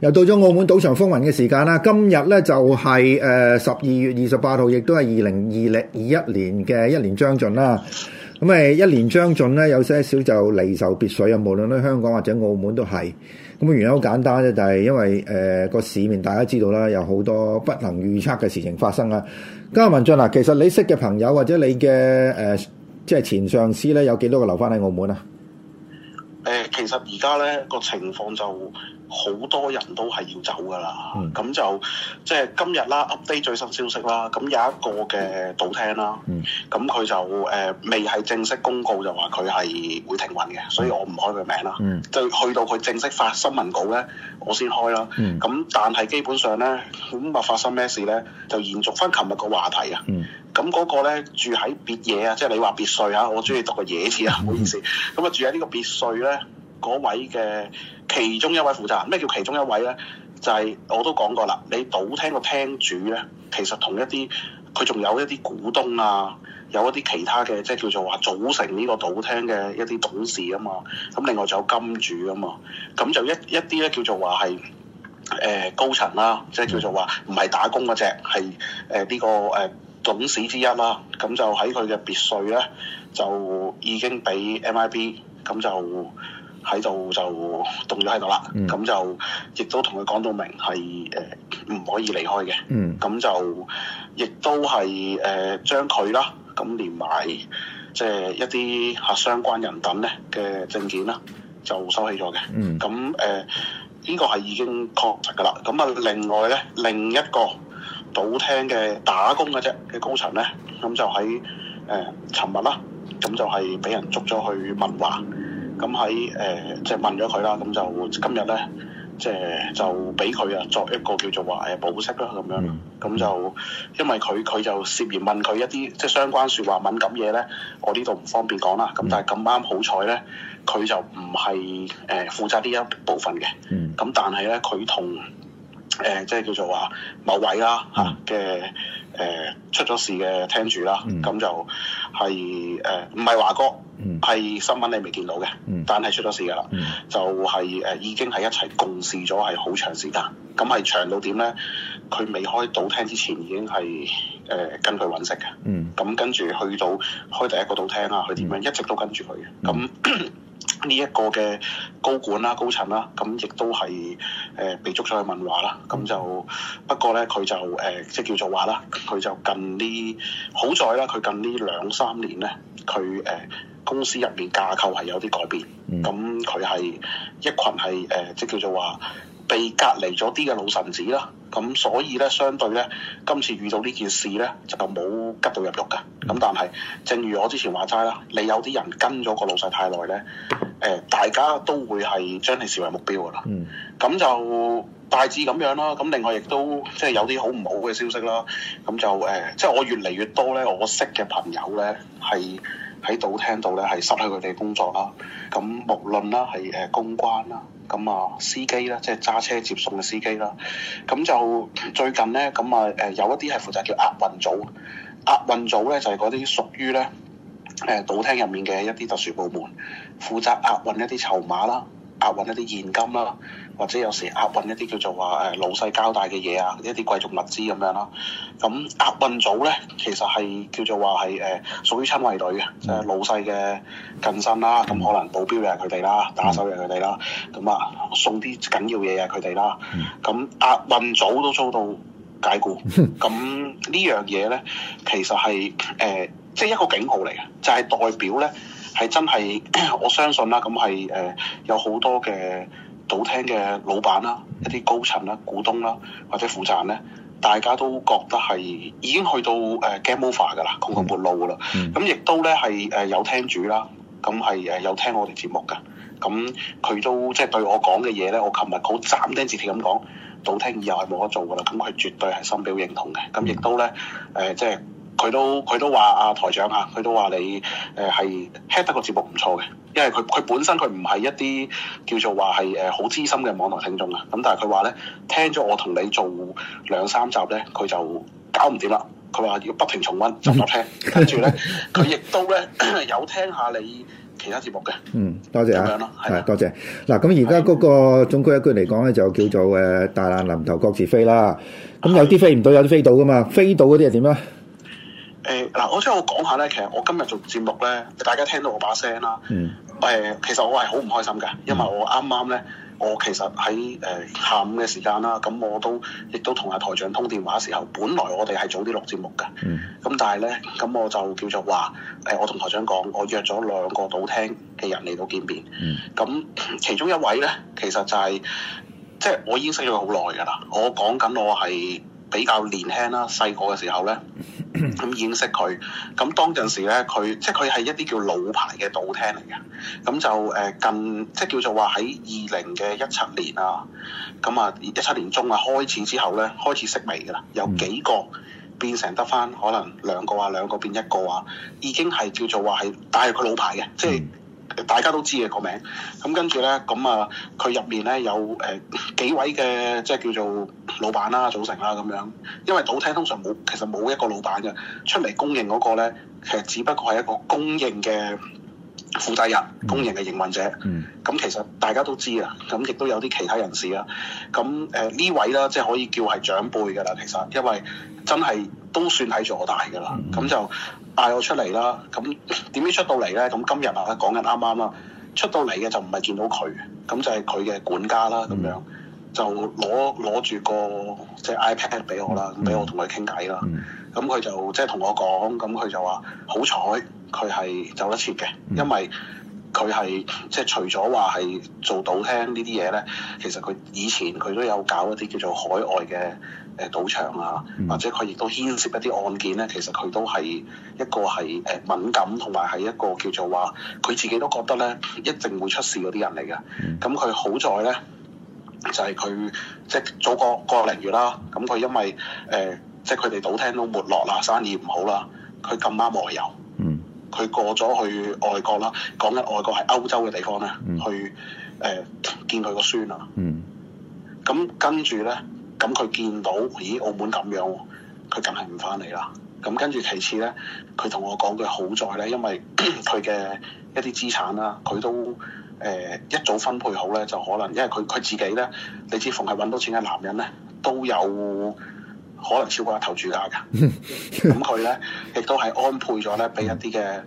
又到咗澳門賭場風雲嘅時間啦！今日咧，就係誒十二月二十八號，亦都係二零二零二一年嘅、嗯、一年將盡啦。咁誒一年將盡咧，有些少就離愁別緒啊！無論喺香港或者澳門都係。咁、嗯、原因好簡單啫，就係、是、因為誒個、呃、市面大家知道啦，有好多不能預測嘅事情發生啦。嘉文進啊，其實你識嘅朋友或者你嘅誒即係前上司咧，有幾多個留翻喺澳門啊？誒，其實而家咧個情況就好多人都係要走㗎、嗯就是、啦，咁就即係今日啦，update 最新消息啦，咁有一個嘅賭廳啦，咁佢、嗯、就誒、呃、未係正式公告就話佢係會停運嘅，所以我唔開佢名啦，嗯、就去到佢正式發新聞稿咧，我先開啦，咁、嗯、但係基本上咧，咁啊發生咩事咧，就延續翻琴日個話題啊。嗯咁嗰個咧住喺別野啊，即係你話別墅啊，我中意讀個野字啊，唔好意思。咁啊，住喺呢個別墅咧，嗰位嘅其中一位負責人，咩叫其中一位咧？就係、是、我都講過啦，你賭廳個廳主咧，其實同一啲佢仲有一啲股東啊，有一啲其他嘅即係叫做話組成呢個賭廳嘅一啲董事啊嘛。咁另外仲有金主啊嘛，咁就一一啲咧叫做話係誒高層啦、啊，即係叫做話唔係打工嗰隻係誒呢個誒。呃董事之一啦，咁就喺佢嘅別墅咧，就已經俾 MIB，咁就喺度就凍咗喺度啦。咁、嗯、就亦都同佢講到明係誒唔可以離開嘅。咁、嗯、就亦都係誒、呃、將佢啦，咁、呃、連埋即係一啲嚇相關人等咧嘅證件啦，就收起咗嘅。咁誒呢個係已經確實㗎啦。咁啊，另外咧另一個。賭廳嘅打工嘅啫嘅高層咧，咁就喺誒尋日啦，咁、呃、就係俾人捉咗去問話，咁喺誒即係問咗佢啦，咁就今日咧，即係就俾佢啊作一個叫做話誒保釋啦咁樣，咁就因為佢佢就涉嫌問佢一啲即係相關説話敏感嘢咧，我呢度唔方便講啦，咁但係咁啱好彩咧，佢就唔係誒負責呢一部分嘅，咁但係咧佢同，誒、呃，即係叫做話某位啦嚇嘅誒，出咗事嘅廳主啦，咁、嗯、就係、是、誒，唔、呃、係華哥，係、嗯、新聞你未見到嘅，嗯、但係出咗事㗎啦，嗯、就係、是、誒、呃，已經係一齊共事咗係好長時間，咁係長到點咧？佢未開賭廳之前已經係誒、呃、跟佢搵食嘅，咁、嗯嗯、跟住去到開第一個賭廳啦，佢點樣一直都跟住佢嘅，咁、嗯。嗯呢一個嘅高管啦、高層啦，咁、嗯、亦都係誒、呃、被捉咗去問話啦。咁、嗯、就不過咧，佢就誒、呃、即係叫做話啦，佢就近呢好在啦，佢近呢兩三年咧，佢誒公司入面架構係有啲改變，咁佢係一群係誒即係叫做話。被隔離咗啲嘅老臣子啦，咁所以咧，相對咧，今次遇到呢件事咧，就冇吉到入獄噶。咁但係，正如我之前話齋啦，你有啲人跟咗個老細太耐咧，誒、呃，大家都會係將你視為目標噶啦。咁、嗯、就大致咁樣咯。咁另外亦都即係有啲好唔好嘅消息啦。咁就誒、呃，即係我越嚟越多咧，我識嘅朋友咧，係喺度聽到咧，係失去佢哋工作啦。咁無論啦，係誒公關啦。咁啊，司機啦，即係揸車接送嘅司機啦。咁就最近咧，咁啊誒，有一啲係負責叫押運組，押運組咧就係嗰啲屬於咧誒賭廳入面嘅一啲特殊部門，負責押運一啲籌碼啦，押運一啲現金啦。或者有時押運一啲叫做話誒老細交代嘅嘢啊，一啲貴重物資咁樣咯。咁押運組咧，其實係叫做話係誒屬於親衛隊嘅，就係老細嘅近身啦。咁可能保鏢又係佢哋啦，打手又係佢哋啦。咁啊，送啲緊要嘢嘅佢哋啦。咁押運組都遭到解僱。咁呢樣嘢咧，其實係誒，即係一個警號嚟嘅，就係代表咧係真係我相信啦。咁係誒有好多嘅。賭廳嘅老闆啦、啊，一啲高層啦、啊、股東啦、啊、或者負責人咧，大家都覺得係已經去到誒 game over 嘅啦，窮途末路嘅啦。咁亦、mm hmm. 嗯、都咧係誒有聽主啦，咁係誒有聽我哋節目嘅，咁、嗯、佢都即係、就是、對我講嘅嘢咧，我琴日好斬釘截鐵咁講，賭廳以後係冇得做嘅啦。咁、嗯、佢絕對係深表認同嘅，咁、嗯、亦都咧誒即係。呃就是佢都佢都話啊台長啊，佢都話你誒係 h 得個節目唔錯嘅，因為佢佢本身佢唔係一啲叫做話係誒好資深嘅網絡聽眾啊，咁但係佢話咧聽咗我同你做兩三集咧，佢就搞唔掂啦。佢話要不停重溫，執落聽。跟住咧，佢亦都咧有聽下你其他節目嘅。嗯，多謝啊，係 多、啊、多謝。嗱咁而家嗰個總歸一句嚟講咧，就叫做誒大難臨頭各自飛啦。咁有啲飛唔到，有啲飛到噶嘛，飛到嗰啲係點咧？嗱，我即我講下咧，其實我今日做節目咧，大家聽到我把聲啦。誒，mm. 其實我係好唔開心嘅，因為我啱啱咧，我其實喺誒下午嘅時間啦，咁我都亦都同阿台長通電話嘅時候，本來我哋係早啲錄節目嘅。咁、mm. 但係咧，咁我就叫做話，誒，我同台長講，我約咗兩個賭廳嘅人嚟到見面。咁、mm. 其中一位咧，其實就係即係我已經識咗佢好耐㗎啦。我講緊我係。比較年輕啦，細個嘅時候咧，咁、嗯、認識佢，咁當陣時咧，佢即係佢係一啲叫老牌嘅賭廳嚟嘅，咁就誒、呃、近即係叫做話喺二零嘅一七年啊，咁啊一七年中啊開始之後咧，開始式微㗎啦，有幾個變成得翻可能兩個啊兩個變一個啊，已經係叫做話係帶入佢老牌嘅，即係。大家都知嘅、那個名，咁、嗯、跟住咧，咁啊佢入面咧有誒、呃、幾位嘅即係叫做老闆啦、組成啦咁樣。因為賭廳通常冇，其實冇一個老闆嘅出嚟供應嗰個咧，其實只不過係一個供應嘅。負責人、公認嘅營運者，咁、嗯、其實大家都知啦，咁亦都有啲其他人士啦，咁誒呢位啦，即係可以叫係長輩㗎啦，其實因為真係都算喺左大㗎啦，咁、嗯、就嗌我出嚟啦，咁點知出到嚟咧？咁今日啊佢講緊啱啱啦，出到嚟嘅就唔係見到佢，咁就係佢嘅管家啦，咁、嗯、樣就攞攞住個即係 iPad 俾我啦，俾、嗯、我同佢傾偈啦。嗯嗯咁佢就即係同我講，咁佢就話好彩佢係走得切嘅，因為佢係即係除咗話係做賭廳呢啲嘢咧，其實佢以前佢都有搞一啲叫做海外嘅誒賭場啊，或者佢亦都牽涉一啲案件咧，其實佢都係一個係誒敏感同埋係一個叫做話佢自己都覺得咧一定會出事嗰啲人嚟嘅。咁佢好在咧就係佢即係早過個零月啦，咁佢因為誒。呃即係佢哋賭廳都沒落啦，生意唔好啦，佢咁啱外遊，佢、嗯、過咗去外國啦，講緊外國係歐洲嘅地方咧，嗯、去誒、呃、見佢個孫啊，咁、嗯嗯、跟住咧，咁、嗯、佢見到，咦，澳門咁樣，佢梗係唔翻嚟啦。咁、嗯、跟住其次咧，佢同我講嘅好在咧，因為佢嘅一啲資產啦，佢都誒、呃、一早分配好咧，就可能因為佢佢自己咧，你知，逢係揾到錢嘅男人咧，都有。可能超過一頭住家嘅，咁佢咧亦都係安排咗咧俾一啲嘅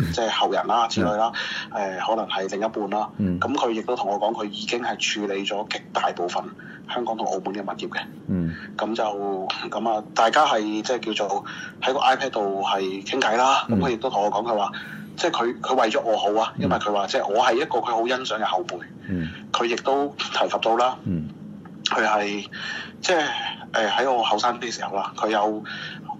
誒，即係後人啦之類啦，誒可能係另一半啦。咁佢亦都同我講，佢已經係處理咗極大部分香港同澳門嘅物業嘅。咁就咁啊，大家係即係叫做喺個 iPad 度係傾偈啦。咁佢亦都同我講，佢話即係佢佢為咗我好啊，因為佢話即係我係一個佢好欣賞嘅後輩。佢亦都提及到啦。佢係即係誒，喺，就是呃，我後生啲時候啦，佢有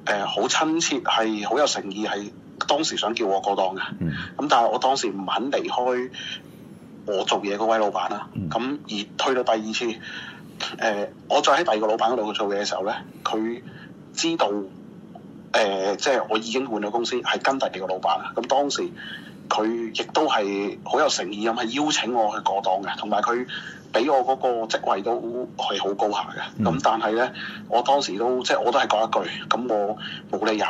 誒好親切，係好有誠意，係當時想叫我過檔嘅。咁，嗯，但係我當時唔肯離開我做嘢嗰位老闆啦。咁，嗯嗯，而推到第二次，誒、呃，我再喺第二個老闆嗰度做嘢嘅時候咧，佢知道誒，即、呃、係、就是，我已經換咗公司，係跟第二個老闆啦。咁，嗯，當時佢亦都係好有誠意咁，係邀請我去過檔嘅，同埋佢。俾我嗰個職位都係好高下嘅，咁但係咧，我當時都即係我都係講一句，咁我冇理由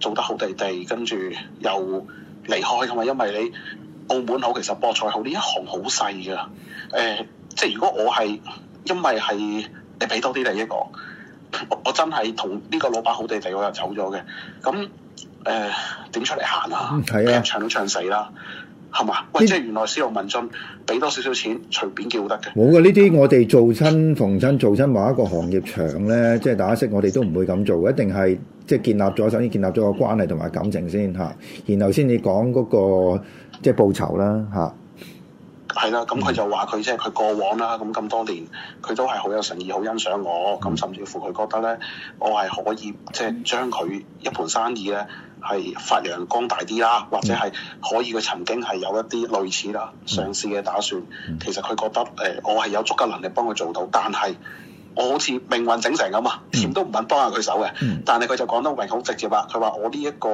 做得好地地，跟住又離開噶嘛，因為你澳門好，其實博彩好，呢一行好細噶，誒、呃，即係如果我係因為係你俾多啲利益我，我真係同呢個老闆好地地，我又走咗嘅，咁誒點出嚟行啊？俾人唱都唱死啦！係嘛？喂這 即係原來私用問津，俾多少少錢，隨便叫得嘅。冇嘅，呢啲、啊、我哋做親逢親做親某一個行業場咧，即係大家識，我哋都唔會咁做，一定係即係建立咗首先建立咗個關係同埋感情先嚇、啊，然後先至講嗰個即係報酬啦嚇。啊。係啦，咁佢就話佢即係佢過往啦，咁咁多年佢都係好有誠意，好欣賞我，咁甚至乎佢覺得咧，我係可以即係將佢一盤生意咧係發揚光大啲啦，或者係可以佢曾經係有一啲類似啦上市嘅打算，其實佢覺得誒、呃、我係有足夠能力幫佢做到，但係。我好似命運整成咁啊，點都唔肯幫下佢手嘅。但係佢就講得明好直接啊！佢話 我呢一個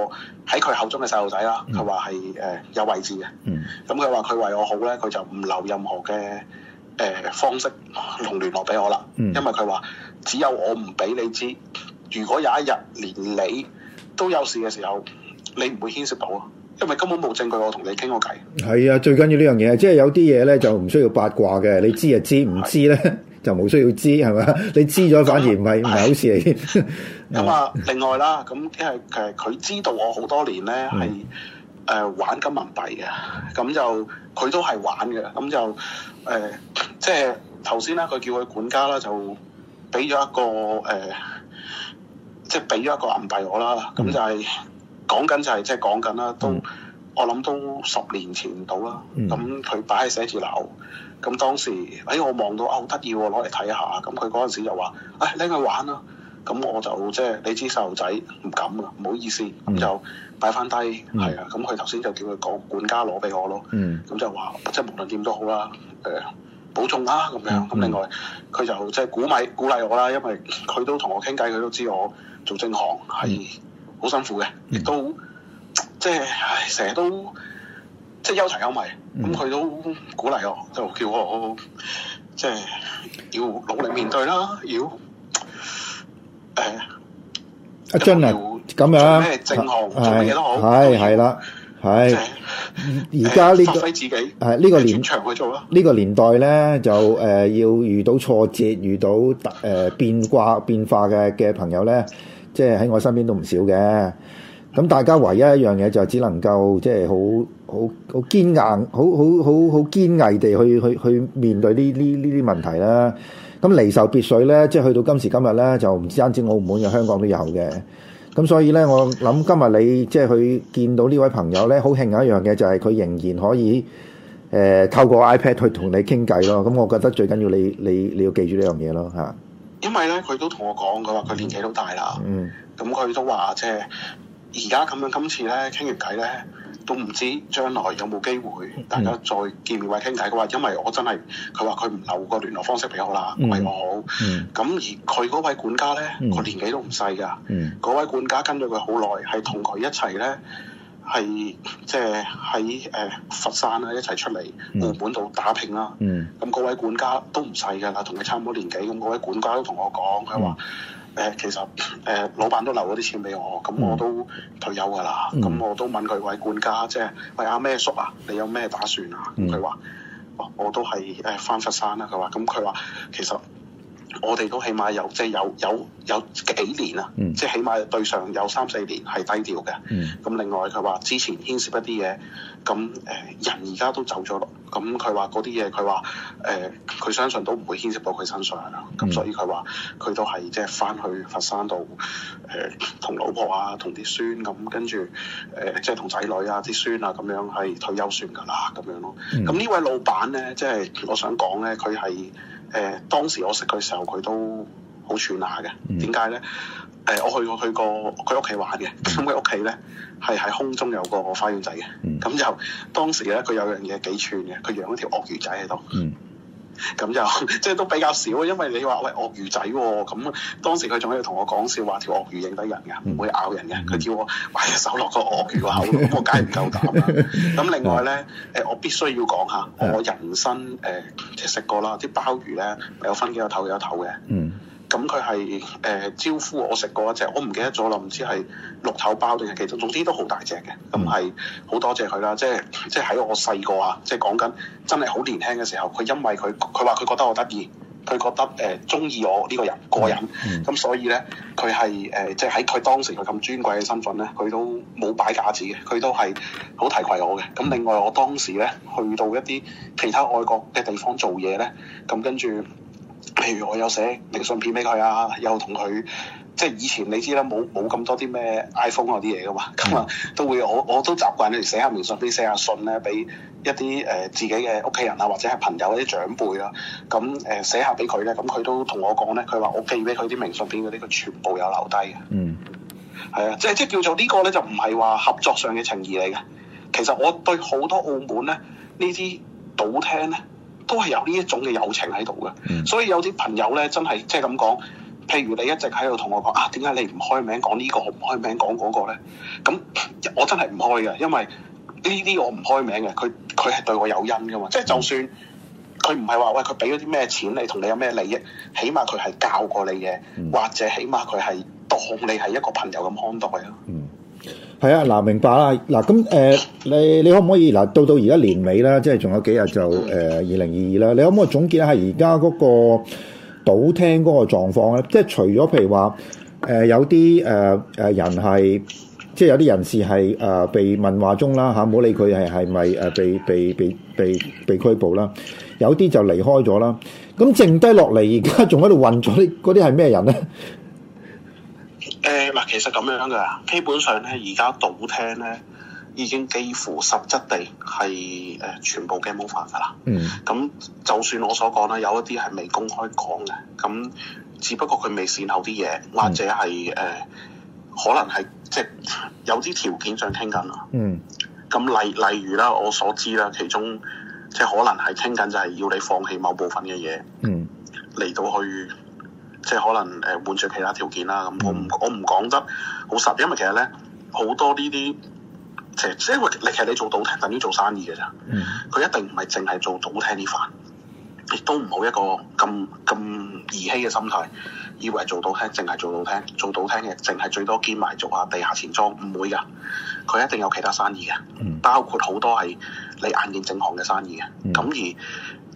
喺佢口中嘅細路仔啦，佢話係誒有位置嘅。咁佢話佢為我好咧，佢就唔留任何嘅誒、呃、方式同聯絡俾我啦。嗯、因為佢話只有我唔俾你知，如果有一日連你都有事嘅時候，你唔會牽涉到啊，因為根本冇證據我同你傾過偈。係啊，最緊要呢樣嘢，即係有啲嘢咧就唔需要八卦嘅，你知就知，唔 知咧。就冇需要知係嘛？你知咗反而唔係唔係好事嚟。咁啊，另外啦，咁因為其實佢知道我好多年咧係誒玩金銀幣嘅，咁、嗯、就佢都係玩嘅，咁就誒即係頭先啦，佢、呃就是、叫佢管家啦、呃，就俾咗一個誒，即係俾咗一個銀幣我啦。咁、嗯、就係、是、講緊就係即係講緊啦，都、嗯、我諗都十年前到啦。咁佢擺喺寫字樓。咁當時，哎，我望到啊，好得意喎，攞嚟睇下。咁佢嗰陣時就話，哎，拎去玩啦。咁我就即係你知細路仔唔敢啦，唔好意思。咁就擺翻低，係啊。咁佢頭先就叫佢講管家攞俾我咯。咁就話，即係無論點都好啦，誒，保重啦咁樣。咁另外，佢就即係鼓勵鼓勵我啦，因為佢都同我傾偈，佢都知我做正行係好辛苦嘅，亦都即係唉，成日都，即係憂柴憂米，咁佢、嗯嗯、都鼓勵我，就叫我即係、就是、要努力面對啦。要誒，呃、阿真啊，咁樣咩正行、啊、做嘢都好，係係啦，係而家呢個發揮自己誒呢、這個年場去做啦。呢個年代咧就誒、呃、要遇到挫折，遇到誒變卦變化嘅嘅朋友咧，即係喺我身邊都唔少嘅。咁大家唯一一樣嘢就只能夠即係好好好堅硬，好好好好堅毅地去去去面對呢呢呢啲問題啦。咁離愁別緒咧，即係去到今時今日咧，就唔止單止澳門嘅，香港都有嘅。咁所以咧，我諗今日你即係去見到呢位朋友咧，好慶幸一樣嘅就係佢仍然可以誒、呃、透過 iPad 去同你傾偈咯。咁我覺得最緊要你你你要記住呢樣嘢咯吓，因為咧佢都同我講，佢話佢年紀都大啦，咁佢、嗯、都話即係。而家咁樣今次咧傾完偈咧，都唔知將來有冇機會大家再見面或者傾偈嘅話，因為我真係佢話佢唔留個聯絡方式俾我啦，唔係、嗯、我好。咁、嗯、而佢嗰位管家咧，佢、嗯、年紀都唔細㗎。嗰、嗯、位管家跟咗佢好耐，係同佢一齊咧。係即係喺誒佛山啦，一齊出嚟固本度打拼啦。咁嗰、嗯、位管家都唔細㗎啦，同佢差唔多年紀。咁、那、嗰、個、位管家都同我講，佢話誒其實誒、呃、老闆都留咗啲錢俾我，咁我都退休㗎啦。咁、嗯、我都問佢位管家，即係喂阿咩、啊、叔啊，你有咩打算啊？佢話、嗯，我我都係誒返佛山啦。佢話，咁佢話其實。我哋都起碼有即係有有有幾年啊！嗯、即係起碼對上有三四年係低調嘅。咁、嗯、另外佢話之前牽涉一啲嘢，咁誒、呃、人而家都走咗咯。咁佢話嗰啲嘢，佢話誒佢相信都唔會牽涉到佢身上啊。咁、嗯、所以佢話佢都係即係翻去佛山度誒同老婆啊，同啲孫咁跟住誒、呃、即係同仔女啊、啲孫啊咁樣去退休算㗎啦咁樣咯。咁呢位老闆咧，即係我想講咧，佢係。誒、嗯、當時我識佢時候，佢都好串下嘅。點解咧？誒我去我去過佢屋企玩嘅，咁佢屋企咧係喺空中有個我花園仔嘅。咁、嗯、就當時咧，佢有樣嘢幾串嘅，佢養咗條鱷魚仔喺度。嗯咁就即係都比較少，因為你話喂鱷魚仔喎、哦，咁當時佢仲喺度同我講笑話，條鱷魚認得人嘅，唔、嗯、會咬人嘅。佢、嗯、叫我擺隻手落個鱷魚個口度，咁 我梗係唔夠膽啦、啊。咁另外咧，誒、 呃、我必須要講下， 我人生誒其實食過啦，啲鮑魚咧有分幾多頭幾多頭嘅。嗯咁佢係誒招呼我食過一隻，我唔記得咗啦，唔知係綠頭包定係其實，總之都好大隻嘅。咁係好多謝佢啦，即係即係喺我細個啊，即係講緊真係好年輕嘅時候，佢因為佢佢話佢覺得我得意，佢覺得誒中意我呢個人個人。咁、嗯、所以咧，佢係誒即係喺佢當時佢咁尊貴嘅身份咧，佢都冇擺架子嘅，佢都係好提攜我嘅。咁另外我當時咧去到一啲其他外國嘅地方做嘢咧，咁跟住。譬如我有寫明信片俾佢啊，又同佢即係以前你知啦，冇冇咁多啲咩 iPhone 嗰啲嘢噶嘛，咁啊都會我我都習慣咧寫下明信片、寫下信咧俾一啲誒、呃、自己嘅屋企人啊，或者係朋友啲長輩啦，咁、啊、誒、呃、寫下俾佢咧，咁佢都同我講咧，佢話我寄俾佢啲明信片嗰啲，佢全部有留低嘅。嗯，係啊，即係即係叫做呢個咧，就唔係話合作上嘅情義嚟嘅。其實我對好多澳門咧呢啲賭廳咧。都係有呢一種嘅友情喺度嘅，所以有啲朋友咧真係即係咁講，譬如你一直喺度同我講啊，點解你唔開名講呢個，唔開名講嗰個咧？咁我真係唔開嘅，因為呢啲我唔開名嘅，佢佢係對我有恩嘅嘛。即係就算佢唔係話喂，佢俾咗啲咩錢你，同你有咩利益，起碼佢係教過你嘅，或者起碼佢係當你係一個朋友咁看待咯、啊。係啊，嗱、啊，明白啦，嗱、啊，咁誒、呃，你你可唔可以嗱，到到而家年尾啦，即係仲有幾日就誒二零二二啦，你可唔可、啊呃、可、可以總結一下而家嗰個賭廳嗰個狀況咧？即係除咗譬如話誒、呃、有啲誒誒人係，即係有啲人士係誒被問話中啦吓，唔、啊、好理佢係係咪誒被被被被被、被拘捕啦，有啲就離開咗啦，咁剩低落嚟而家仲喺度混咗啲嗰啲係咩人咧？誒嗱、呃，其實咁樣嘅，基本上咧，而家賭廳咧，已經幾乎實質地係誒、呃、全部 game over 㗎啦。嗯。咁就算我所講啦，有一啲係未公開講嘅，咁只不過佢未善後啲嘢，或者係誒、呃、可能係即係有啲條件上傾緊啊。嗯。咁例例如啦，我所知啦，其中即係可能係傾緊就係要你放棄某部分嘅嘢。嗯。嚟到去。即係可能誒換著其他條件啦，咁、嗯、我唔我唔講得好實，因為其實咧好多呢啲，即係即係你其實你做賭廳等於做生意嘅咋。佢、嗯、一定唔係淨係做賭廳呢份，亦都唔好一個咁咁兒戲嘅心態，嗯、以為做賭廳淨係做賭廳，做賭廳嘅淨係最多兼埋做下地下錢莊，唔會㗎，佢一定有其他生意嘅，嗯、包括好多係。你眼見正行嘅生意嘅，咁、嗯、而誒、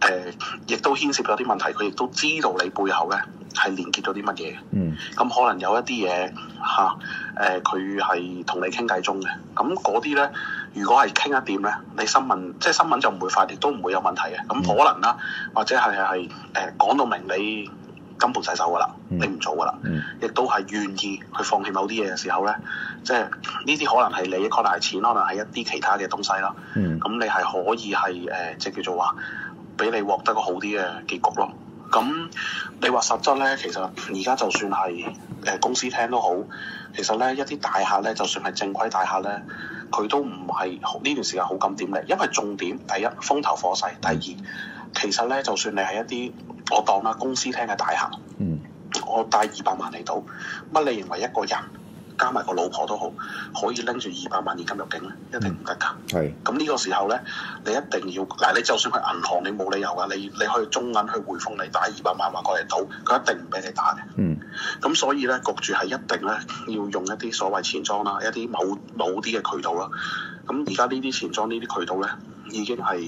呃、亦都牽涉咗啲問題，佢亦都知道你背後咧係連結咗啲乜嘢，咁、嗯嗯、可能有一啲嘢嚇誒，佢係同你傾偈中嘅，咁嗰啲咧，如果係傾一掂咧，你新聞即係新聞就唔會快啲，都唔會有問題嘅，咁、嗯嗯、可能啦，或者係係誒講到明你。金盆洗手噶啦，嗯、你唔做噶啦，嗯、亦都係願意去放棄某啲嘢嘅時候咧，即係呢啲可能係你，可能係錢，可能係一啲其他嘅東西啦。咁、嗯、你係可以係誒，即、呃、係叫做話，俾你獲得個好啲嘅結局咯。咁你話實質咧，其實而家就算係誒、呃、公司聽都好，其實咧一啲大客咧，就算係正規大客咧，佢都唔係呢段時間好咁點咧，因為重點第一風頭火勢，第二其實咧，就算你係一啲。我當啦，公司廳嘅大客，嗯、我帶二百萬嚟賭。乜？你認為一個人加埋個老婆都好，可以拎住二百萬現金入境咧，一定唔得㗎。係咁呢個時候咧，你一定要嗱。你就算去銀行，你冇理由㗎。你你可以中銀去匯豐嚟打二百萬話過嚟賭，佢一定唔俾你打嘅。嗯，咁所以咧，焗住係一定咧要用一啲所謂錢莊啦，一啲某某啲嘅渠道啦。咁而家呢啲錢莊呢啲渠道咧，已經係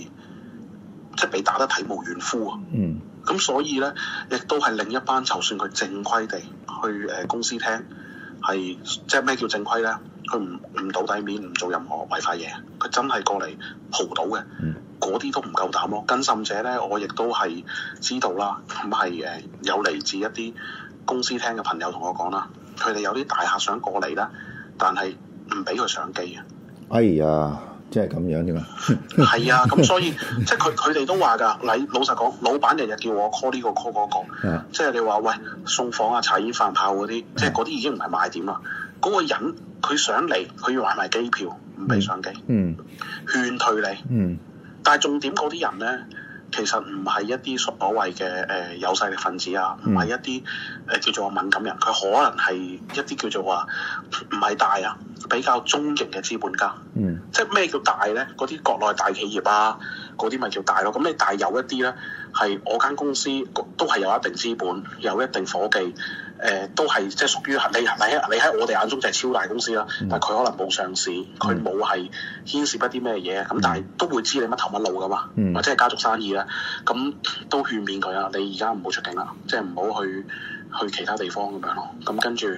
即係被打得體無完膚啊。嗯。咁所以咧，亦都係另一班，就算佢正規地去誒、呃、公司廳，係即係咩叫正規咧？佢唔唔到底面，唔做任何違法嘢，佢真係過嚟蒲到嘅，嗰啲、嗯、都唔夠膽咯。更甚者咧，我亦都係知道啦，咁係誒有嚟自一啲公司廳嘅朋友同我講啦，佢哋有啲大客想過嚟啦，但係唔俾佢上機呀。哎呀！即係咁樣點嘛，係啊，咁所以 即係佢佢哋都話㗎。嗱，老實講，老闆日日叫我 call 呢個 call 嗰、嗰個，啊、即係你話喂送房啊、茶煙飯炮嗰啲，啊、即係嗰啲已經唔係賣點啦。嗰、嗰個人佢想嚟，佢要買埋機票，唔俾上機，勸、嗯嗯、退你。嗯、但係重點嗰啲人咧。其實唔係一啲所謂嘅誒有勢力分子啊，唔係一啲誒、呃、叫做敏感人，佢可能係一啲叫做話唔係大啊，比較中型嘅資本家。嗯，即係咩叫大咧？嗰啲國內大企業啊，嗰啲咪叫大咯。咁你大有一啲咧。係我間公司都係有一定資本，有一定夥計，誒、呃、都係即係屬於你喺你喺我哋眼中就係超大公司啦。但係佢可能冇上市，佢冇係牽涉一啲咩嘢，咁但係都會知你乜頭乜路噶嘛，或者係家族生意咧，咁都勸勉佢啊！你而家唔好出境啦，即係唔好去去其他地方咁樣咯。咁、啊、跟住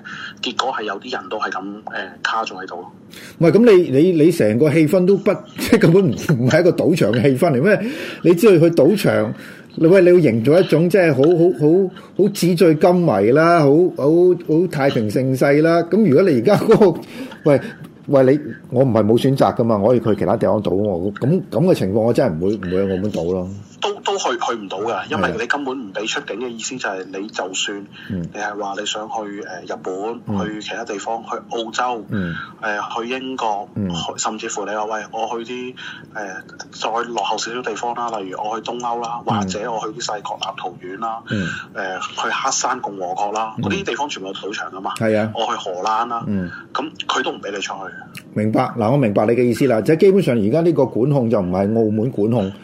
結果係有啲人都係咁誒卡咗喺度咯。唔係咁，你你你成個氣氛都不即係根本唔唔係一個賭場嘅氣氛嚟，咩？你知道去賭場，你喂，你要營造一種即係好好好好紙醉金迷啦，好好好太平盛世啦。咁如果你而家嗰個喂喂你，我唔係冇選擇㗎嘛，我可以去其他地方賭喎。咁咁嘅情況，我真係唔會唔會喺澳門賭咯。都都去去唔到噶，因為你根本唔俾出境嘅意思，就係你就算你係話你想去誒日本、嗯、去其他地方、去澳洲、誒、嗯呃、去英國，嗯、甚至乎你話喂，我去啲誒、呃、再落後少少地方啦，例如我去東歐啦，或者我去啲細國立陶宛啦，誒、嗯呃、去黑山共和國啦，嗰啲地方全部有賭場噶嘛。係啊、嗯，我去荷蘭啦，咁佢、嗯嗯、都唔俾你出去。明白嗱，我明白你嘅意思啦，即係基本上而家呢個管控，控就唔係澳門管控。控控控控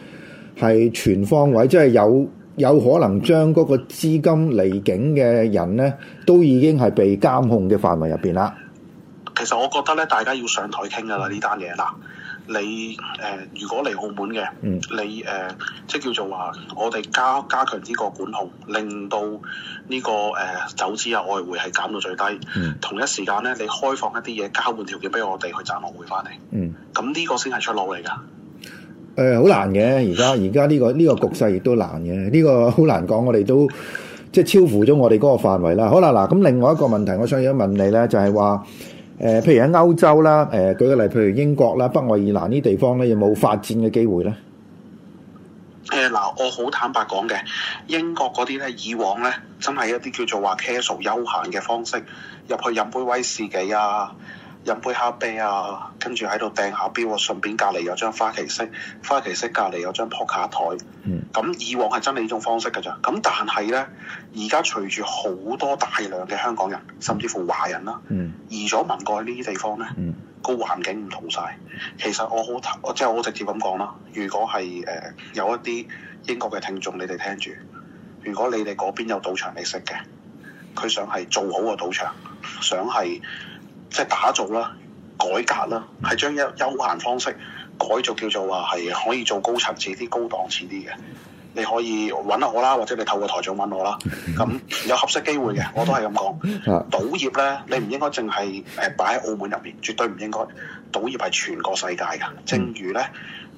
係全方位，即係有有可能將嗰個資金離境嘅人咧，都已經係被監控嘅範圍入邊啦。其實我覺得咧，大家要上台傾噶啦呢單嘢。嗱，你誒如果嚟澳門嘅，你誒即係叫做話，我哋加加強呢個管控，令到呢個誒走資啊外匯係減到最低。嗯，同一時間咧，你開放一啲嘢交換條件俾我哋去賺外匯翻嚟。嗯，咁呢個先係出路嚟㗎。誒、呃這個這個這個，好難嘅，而家而家呢個呢個局勢亦都難嘅，呢個好難講，我哋都即係超乎咗我哋嗰個範圍啦。好啦，嗱，咁另外一個問題，我想想問你咧，就係話誒，譬如喺歐洲啦，誒、呃，舉個例，譬如英國啦、北愛爾蘭呢地方咧，有冇發展嘅機會咧？誒、呃，嗱，我好坦白講嘅，英國嗰啲咧，以往咧，真係一啲叫做話 casual 休閒嘅方式，入去飲杯威士忌啊。飲杯咖啡啊，跟住喺度掟下錶、啊，順便隔離有張花旗骰，花旗骰隔離有張撲克枱。咁、mm. 以往係真係呢種方式㗎咋。咁但係呢，而家隨住好多大量嘅香港人，甚至乎華人啦、啊，mm. 移咗民過去呢啲地方呢，個、mm. 環境唔同晒。其實我好，即係、我即係好直接咁講啦。如果係誒、呃、有一啲英國嘅聽眾，你哋聽住，如果你哋嗰邊有賭場你識嘅，佢想係做好個賭場，想係。即係打造啦、改革啦，係將一休閒方式改做叫做話係可以做高層次啲、高檔次啲嘅。你可以揾我啦，或者你透過台長揾我啦。咁有合適機會嘅，我都係咁講。賭業咧，你唔應該淨係誒擺喺澳門入面，絕對唔應該。賭業係全個世界㗎。正如咧，誒、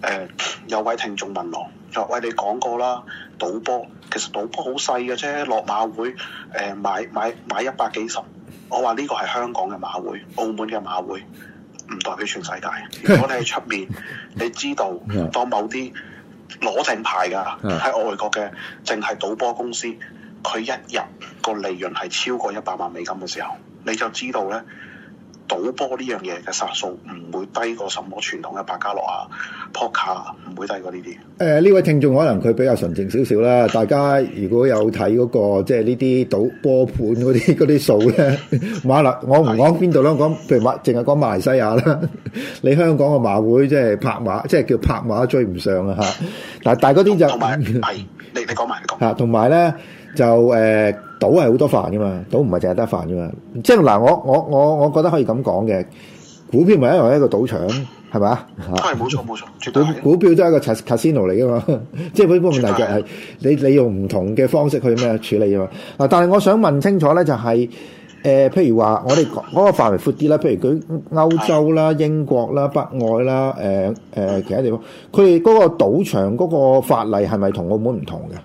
呃、有位聽眾問我，就喂，你講過啦，賭波其實賭波好細嘅啫，落馬會誒買買買一百幾十。我話呢個係香港嘅馬會，澳門嘅馬會唔代表全世界。如果你喺出面，你知道當某啲攞正牌㗎喺外國嘅，淨係賭波公司，佢一日個利潤係超過一百萬美金嘅時候，你就知道咧。賭波呢樣嘢嘅殺數唔會低過什麼傳統嘅百家樂啊、Poker 唔會低過呢啲。誒呢、呃、位聽眾可能佢比較純淨少少啦。大家如果有睇嗰、那個即係呢啲賭波盤嗰啲啲數咧，馬啦，我唔講邊度啦，講譬如馬，淨係講馬來西亞啦。你香港嘅馬會即係拍馬，即、就、係、是、叫拍馬追唔上啊嚇！但係但係嗰啲就同、哎、你你講埋。嚇，同埋咧就誒。呃賭係好多飯噶嘛，賭唔係淨係得飯啫嘛，即係嗱，我我我我覺得可以咁講嘅，股票咪一樣係一個賭場，係咪啊？係冇錯冇錯，絕對股票都係一個 casino 嚟噶嘛，即係嗰個問題就係你你用唔同嘅方式去咩處理啊嘛嗱，但係我想問清楚咧，就係、是、誒、呃，譬如話我哋嗰、嗰個範圍闊啲啦，譬如佢歐洲啦、是英國啦、北愛啦、誒、呃、誒、呃、其他地方，佢哋嗰個賭場嗰個法例係咪同澳門唔同嘅？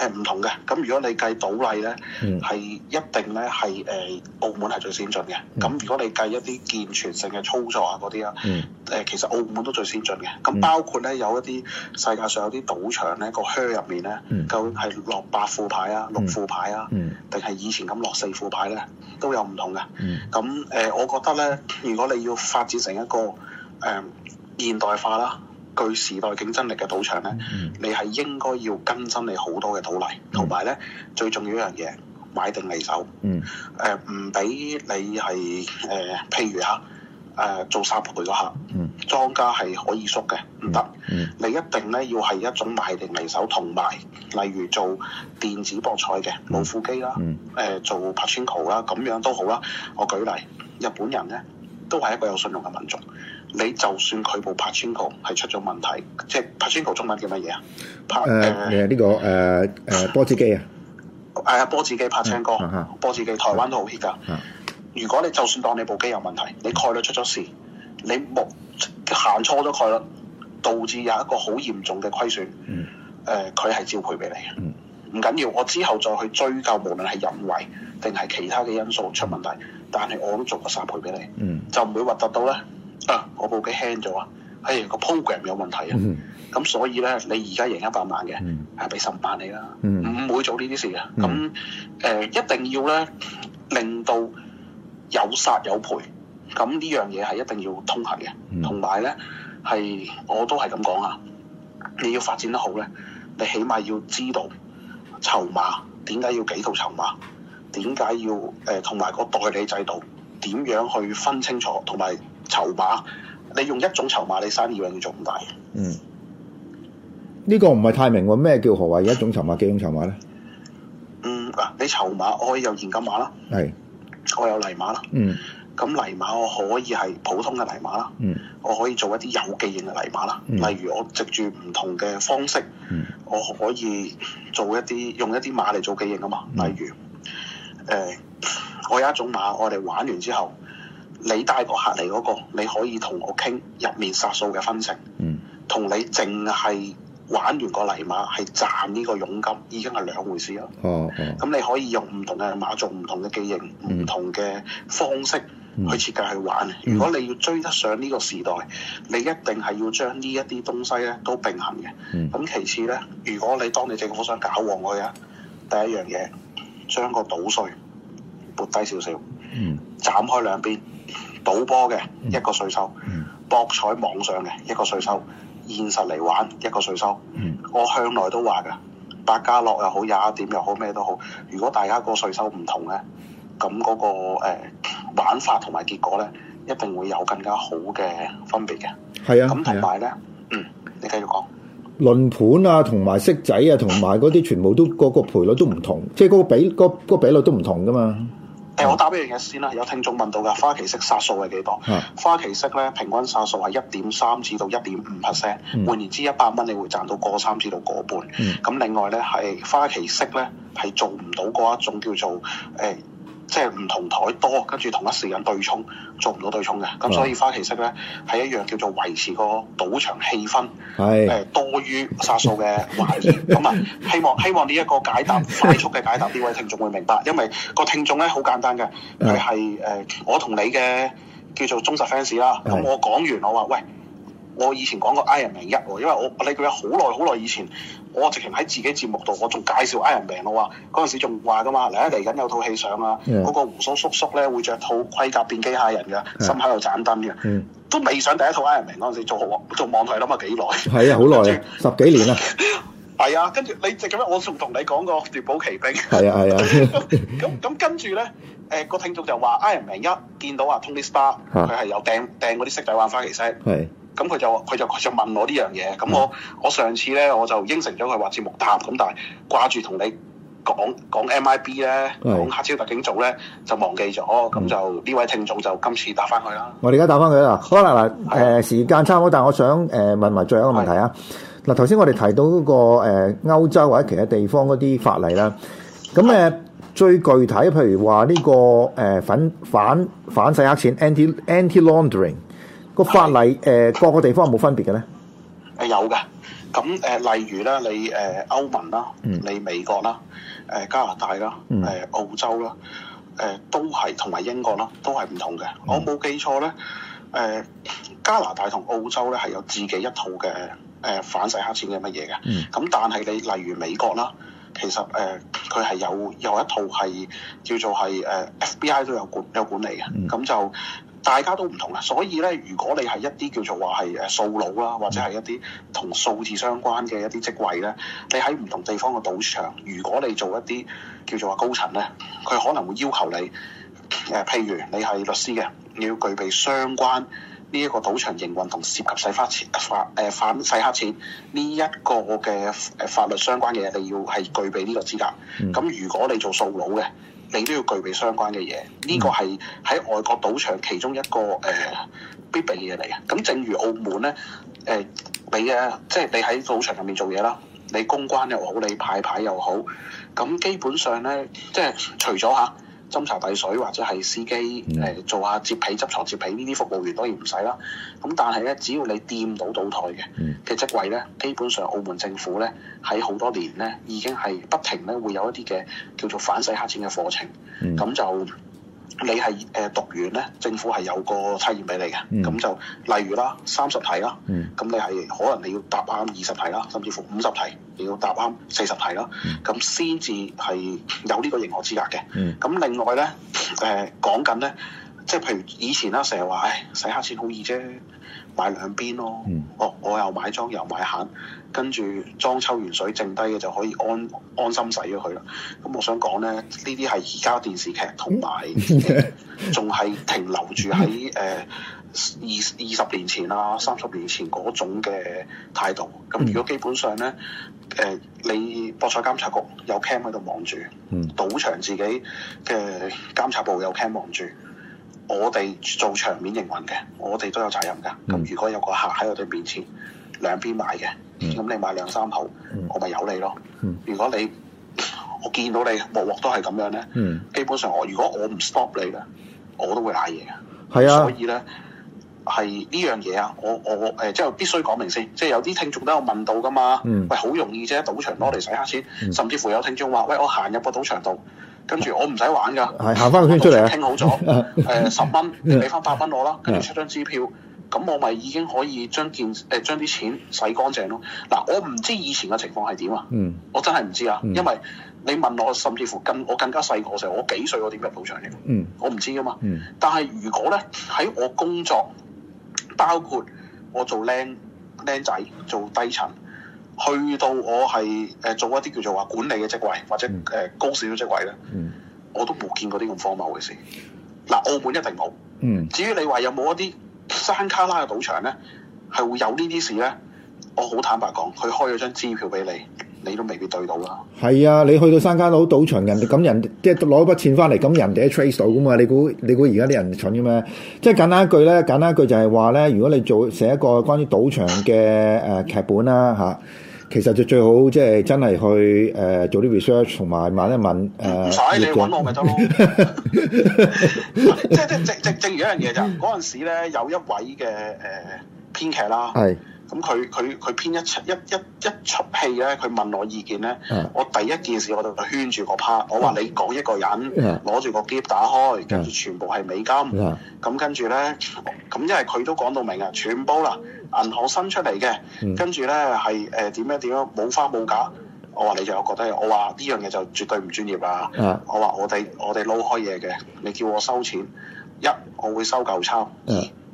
係唔同嘅，咁如果你計賭例咧，係、嗯、一定咧係誒澳門係最先進嘅。咁、嗯、如果你計一啲健全性嘅操作啊嗰啲啊，誒、嗯呃、其實澳門都最先進嘅。咁包括咧有一啲世界上有啲賭場咧個靴入面咧，嗯、究竟係落八副牌啊、六副牌啊，定係、嗯、以前咁落四副牌咧，都有唔同嘅。咁誒、嗯，嗯、我覺得咧，如果你要發展成一個誒、呃、現代化啦，具時代競爭力嘅賭場咧，嗯、你係應該要更新你好多嘅賭例，同埋咧最重要一樣嘢，買定離手。誒唔俾你係誒、呃，譬如嚇誒、呃、做三倍嘅客，嗯、莊家係可以縮嘅，唔得。嗯嗯、你一定咧要係一種買定離手，同埋例如做電子博彩嘅老虎機啦，誒、嗯啊呃、做 Pachinko 啦，咁樣都好啦。我舉例，日本人咧都係一個有信用嘅民族。你就算佢部拍 a t r 係出咗問題，即係拍 a t 中文叫乜嘢啊 p a？呢個誒誒波子機啊，係啊，波子機拍青歌，波子機台灣都好 hit 噶。如果你就算當你部機有問題，你概率出咗事，你冇行錯咗概率，導致有一個好嚴重嘅虧損，誒佢係照賠俾你唔緊要。我之後再去追究，無論係人為定係其他嘅因素出問題，但係我都做個十倍俾你，就唔會核突到咧。啊！我部機 hang 咗啊，係、哎、個 program 有問題啊。咁所以咧，你而家贏一百萬嘅，係俾十萬你啦。唔、mm hmm. 會做呢啲事嘅。咁誒、mm hmm. 呃，一定要咧令到有殺有賠，咁呢樣嘢係一定要通行嘅。同埋咧，係、hmm. 我都係咁講啊。你要發展得好咧，你起碼要知道籌碼點解要幾套籌碼，點解要誒同埋個代理制度點樣去分清楚，同埋。籌碼，你用一種籌碼，你生意永遠做唔大。嗯、呢、這個唔係太明我咩叫何謂一種籌碼？幾種籌碼咧？嗯，嗱，你籌碼，我可以有現金碼啦，係是，我有泥碼啦。嗯，咁泥碼我可以係普通嘅泥碼啦。嗯，我可以做一啲有記認嘅泥碼啦。嗯、例如我藉住唔同嘅方式，嗯、我可以做一啲用一啲碼嚟做記認啊嘛。例如，誒、呃，我有一種碼，我哋玩完，完之後。你帶個客嚟嗰、那個，你可以同我傾入面殺數嘅分成，同、嗯、你淨係玩完個泥馬係賺呢個傭金，已經係兩回事啦、哦。哦咁你可以用唔同嘅馬種、唔同嘅機型、唔、嗯、同嘅方式去設計去玩。嗯、如果你要追得上呢個時代，嗯、你一定係要將呢一啲東西咧都並行嘅。咁、嗯、其次咧，如果你當你政府想搞旺佢啊，第一樣嘢將個賭稅撥低少少。嗯，斬開兩邊，賭波嘅一個稅收，嗯嗯、博彩網上嘅一個稅收，現實嚟玩一個稅收。嗯、我向來都話噶，百家樂又好，廿一點又好，咩都好。如果大家嗰、嗰個稅收唔同咧，咁嗰個誒玩法同埋結果咧，一定會有更加好嘅分別嘅。係啊，咁同埋咧，啊啊、嗯，你繼續講，輪盤啊，同埋骰仔啊，同埋嗰啲全部都個個賠率都唔同，即係嗰個比嗰、嗰個比率都唔同噶嘛。嗯、我答畀你嘅先啦。有聽眾問到嘅花旗式殺數係幾多？花旗式咧、嗯，平均殺數係一點三至到一點五 percent，換言之，一百蚊，你會賺到個三至到個半。咁、嗯、另外咧，係花旗式咧，係做唔到嗰一種叫做誒。欸即係唔同台多，跟住同一時間對沖，做唔到對沖嘅，咁所以花旗色咧係一樣叫做維持個賭場氣氛，誒是、呃、多於殺數嘅懷疑。咁啊、 嗯，希望希望呢一個解答 快速嘅解答，呢位聽眾會明白，因為個聽眾咧好簡單嘅，佢係誒我同你嘅叫做忠實 fans 啦。咁是我講完，我話喂，我以前講過 Iron Man 一，因為我你記得好耐好耐以前。我直情喺自己節目度，我仲介紹 Iron Man 咯喎，嗰時仲話噶嘛，嚟一嚟緊有套戲上啊，嗰、嗯、個胡鬚叔叔咧會着套盔甲變機械人嘅，心口度盞燈嘅，都未上第一套 Iron Man 嗰陣時，仲望仲望諗啊幾耐，係啊好耐，就是、十幾年啦，係啊， 跟住你直情我仲同你講過奪寶奇兵，係啊係啊，咁咁 跟住咧，誒、呃、個聽眾就話 Iron Man 一見到話 Tony Stark 佢係有掟訂嗰啲色仔玩花旗骰，係的。 咁佢就佢就佢就問我呢樣嘢，咁我、嗯、我上次咧我就應承咗佢話節目答，咁但係掛住同你講講 MIB 咧，講是黑超特警組咧就忘記咗，咁、嗯、就呢位聽眾就今次答翻佢啦。我哋而家答翻佢啦，好啦嗱，誒是時間差唔多，但係我想誒問埋最後一個問題啊。嗱頭先我哋提到嗰個誒歐洲或者其他地方嗰啲法例啦，咁誒是最具體譬如話呢、這個誒反反反，反洗黑錢 anti anti laundering。La 個法例誒，各個地方有冇分別嘅咧？誒有嘅，咁誒例如咧，你誒歐盟啦，嗯、你美國啦，誒加拿大啦，誒、嗯、澳洲啦，誒都係同埋英國啦，都係唔同嘅。嗯、我冇記錯咧，誒加拿大同澳洲咧係有自己一套嘅誒反洗黑錢嘅乜嘢嘅。咁、嗯、但係你例如美國啦，其實誒佢係有有一套係叫做係誒 FBI 都有管有管理嘅。咁就、嗯。嗯大家都唔同啦，所以咧，如果你係一啲叫做話係誒數佬啦，或者係一啲同數字相關嘅一啲職位咧，你喺唔同地方嘅賭場，如果你做一啲叫做話高層咧，佢可能會要求你誒、呃，譬如你係律師嘅，你要具備相關呢一個賭場營運同涉及洗黑錢、法誒反、呃、洗黑錢呢一個嘅誒法律相關嘅，嘢，你要係具備呢個資格。咁、嗯、如果你做數佬嘅。你都要具備相關嘅嘢，呢、這個係喺外國賭場其中一個誒、呃、必備嘅嘢嚟嘅。咁正如澳門咧，誒、呃、你嘅、啊、即係你喺賭場入面做嘢啦，你公關又好，你派牌又好，咁基本上咧，即係除咗嚇。斟茶遞水或者係司機，誒、嗯、做下摺被執床摺被呢啲服務員當然唔使啦。咁但係咧，只要你掂到賭枱嘅嘅職位咧，基本上澳門政府咧喺好多年咧已經係不停咧會有一啲嘅叫做反洗黑錢嘅課程，咁、嗯、就。你係誒讀完咧，政府係有個測驗俾你嘅，咁、嗯、就例如啦，三十題啦，咁、嗯、你係可能你要答啱二十題啦，甚至乎五十題，你要答啱四十題啦，咁先至係有呢個認可資格嘅。咁、嗯、另外咧，誒講緊咧，即係譬如以前啦，成日話唉，洗黑錢好易啫，買兩邊咯，嗯、哦我又買莊又買閒。跟住裝抽完水，剩低嘅就可以安安心洗咗佢啦。咁我想講咧，呢啲係而家電視劇同埋仲係停留住喺誒二二十年前啊，三十年前嗰、啊、種嘅態度。咁如果基本上咧，誒、呃、你博彩監察局有 cam 喺度望住，嗯， 賭場自己嘅監察部有 cam 望住，我哋做場面營運嘅，我哋都有責任㗎。咁如果有個客喺我哋面前，兩邊買嘅，咁、嗯、你買兩三套，嗯、我咪有你咯。如果你我見到你鑊鑊都係咁樣咧，嗯、基本上我如果我唔 stop 你咧，我都會嗌嘢嘅。係啊、嗯，所以咧係呢樣嘢啊，我我誒即係必須講明先，即係有啲聽眾都有問到噶嘛。喂、呃，好容易啫，賭場攞嚟洗黑錢，嗯、甚至乎有聽眾話，喂，我行入個賭場度，跟住我唔使玩噶，行翻個圈到出嚟來、啊，傾好咗。誒，十蚊，你俾翻八蚊我啦，跟住出張支票。 咁我咪已經可以將件誒、呃、將啲錢洗乾淨咯。嗱，我唔知以前嘅情況係點啊。Mm. 我真係唔知啊，因為你問我甚至乎更我更加細個嘅時候，我幾歲我點入賭場嘅？Mm. 我唔知㗎嘛。但係如果咧喺我工作，包括我做僆僆仔做低層，去到我係誒做一啲叫做話管理嘅職位或者誒高少少職位咧，mm. 我都冇見過啲咁荒謬嘅事。嗱，澳門一定冇。至於你話有冇一啲？Mm. 山卡拉嘅賭場咧，係會有呢啲事咧。我好坦白講，佢開咗張支票俾你，你都未必對到啦。係啊，你去到山卡拉賭場，人哋咁人即係攞一筆錢翻嚟，咁人哋都 trace 到噶嘛。你估你估而家啲人蠢嘅咩？即係簡單一句咧，簡單一句就係話咧，如果你做寫一個關於賭場嘅誒、呃、劇本啦嚇。啊其實就最好即係真係去誒、呃、做啲 research，同埋問一問誒。唔使、呃，用境你揾我咪得咯。即即即即正如一樣嘢就，嗰陣 時咧有一位嘅誒、呃、編劇啦。係。咁佢佢佢編一出一一一出戲咧，佢問我意見咧，啊、我第一件事我就圈住個 part，我話你講一個人，攞住、啊、個 key 打開，跟住全部係美金，咁、啊嗯嗯、跟住咧，咁因為佢都講到明啊，全部啦，銀行新出嚟嘅，跟住咧係誒點樣點樣冇花冇假，我話你又覺得，我話呢樣嘢就絕對唔專業啦、啊，我話我哋我哋撈開嘢嘅，你叫我收錢，一我會收舊鈔。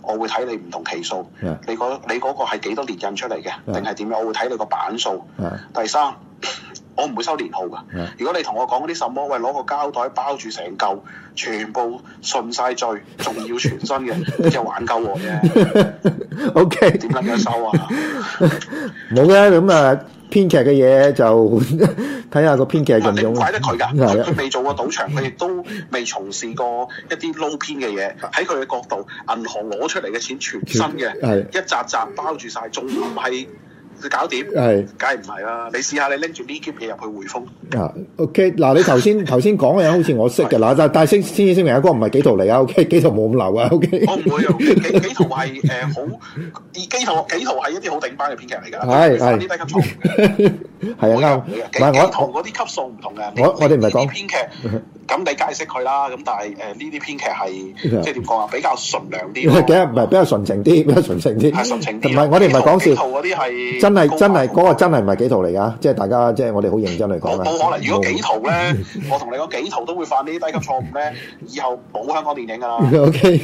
我會睇你唔同期數 Yeah.、那個，你嗰你嗰個係幾多年印出嚟嘅，定係點樣？我會睇你個版數。Yeah. 第三，我唔會收年號噶。Yeah. 如果你同我講嗰啲什麼，喂，攞個膠袋包住成嚿，全部順晒序，仲要全新嘅，你就 玩鳩我啫。O K，點解要收啊？冇嘅咁啊～編劇嘅嘢，就睇下個編劇嘅內容，唔係怪得佢噶，佢未 做過賭場，佢亦 都未從事過一啲撈偏嘅嘢。喺佢嘅角度，銀行攞出嚟嘅錢全新嘅， 一扎扎包住晒，仲唔係？佢搞掂，係是，梗係唔係啦？你試下，啊，你拎住呢啲嘢入去匯豐啊？OK，嗱，你頭先頭先講嘅嘢好似我識嘅，嗱，但係星天宇星明阿哥唔係幾圖嚟啊？OK，幾圖冇咁流啊？OK，我唔會，幾、okay, 幾 圖係誒、呃、好，幾圖幾圖係一啲好頂班嘅編劇嚟㗎，係啲低級係啊啱，唔係我同嗰啲級數唔同嘅。我我哋唔係講編劇，咁你解釋佢啦。咁但係誒呢啲編劇係即係點講啊？比較純良啲，幾唔係比較純情啲，比較純情啲，係純情啲。唔係我哋唔係講笑，紀陶嗰啲係真係真係嗰個真係唔係紀陶嚟噶？即係大家即係我哋好認真嚟講嘅！冇可能，如果紀陶咧，我同你講紀陶都會犯呢啲低級錯誤咧，以後冇香港電影噶啦。O K。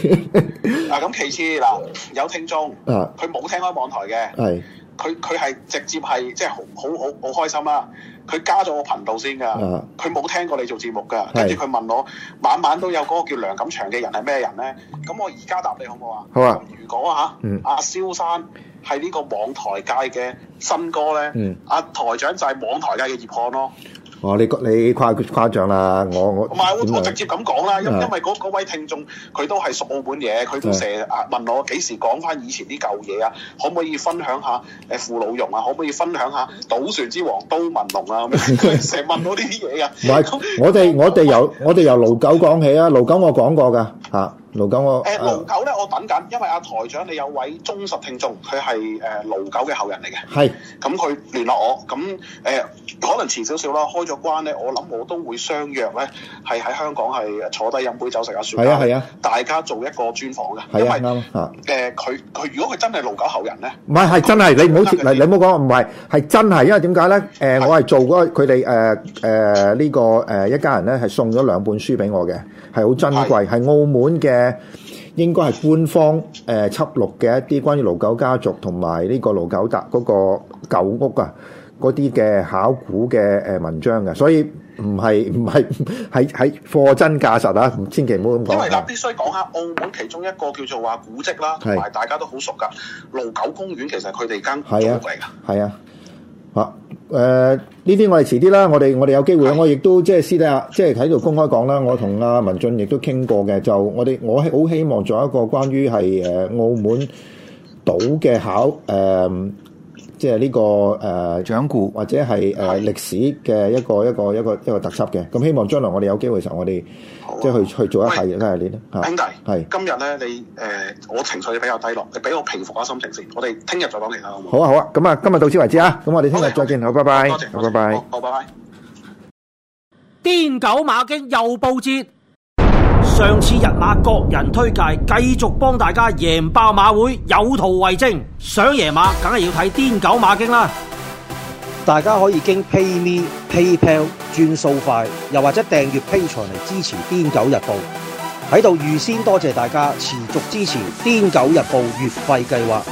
啊咁，其次嗱，有聽眾，佢冇聽開網台嘅，係。佢佢係直接係即係好好好好開心啦，啊！佢加咗我頻道先噶，佢冇、uh, 聽過你做節目噶，跟住佢問我晚晚都有嗰個叫梁錦祥嘅人係咩人咧？咁我而家答你好唔好啊？好啊！如果嚇阿蕭山係呢個網台界嘅新哥咧，阿、嗯啊、台長就係網台界嘅葉漢咯。哦，你個你誇誇張啦，我我唔係，我我直接咁講啦，因因為嗰位聽眾佢都係熟澳門嘢，佢都成日問我幾時講翻以前啲舊嘢啊，可唔可以分享下誒傅老榕啊，可唔可以分享下賭船之王都文龍啊，佢成日問我呢啲嘢啊，我我哋我哋由我哋由盧九講起啊，盧九我講過噶嚇。啊盧九喎，誒盧九咧我等緊，因為阿台長你有位忠實聽眾，佢係誒盧九嘅後人嚟嘅。係，咁佢聯絡我，咁誒可能遲少少啦。開咗關咧，我諗我都會相約咧，係喺香港係坐低飲杯酒食下雪糕，係啊係啊，大家做一個專訪嘅，係啊啱啊。誒佢佢如果佢真係盧九後人咧，唔係係真係你唔好切嗱你唔好講唔係係真係，因為點解咧？誒我係做過佢哋誒誒呢個誒一家人咧係送咗兩本書俾我嘅，係好珍貴，係澳門嘅。誒，應該係官方誒輯錄嘅一啲關於盧九家族同埋呢個盧九達嗰個舊屋啊，嗰啲嘅考古嘅誒文章嘅、啊，所以唔係唔係喺喺貨真價實啊，千祈唔好咁講。因為嗱，必須講下澳門其中一個叫做話古蹟啦，同埋大家都好熟㗎盧九公園，其實佢哋間祖圍㗎，係啊。啊！誒呢啲我哋遲啲啦，我哋我哋有機會，我亦都即係私底下，即係喺度公開講啦。我同阿文進亦都傾過嘅，就我哋我好希望做一個關於係誒澳門島嘅考誒。嗯即係呢個誒掌故，或者係誒歷史嘅一個一個一個一個特輯嘅。咁希望將來我哋有機會時候，我哋即係去去做一下亦都係你咧。兄弟，係今日咧，你誒我情緒比較低落，你俾我平復下心情先。我哋聽日再講其他好冇？好啊，好啊。咁啊，今日到此為止啊。咁我哋聽日再見。好，拜拜。好，拜拜。好，拜拜。癲狗馬經又報捷。上次日馬各人推介，繼續幫大家贏爆馬會，有圖為證。想贏馬，梗係要睇癲狗馬經啦！大家可以經 PayMe、PayPal 轉數快，又或者訂閱 Patreon 嚟支持癲狗日報。喺度預先多謝大家持續支持癲狗日報月費計劃。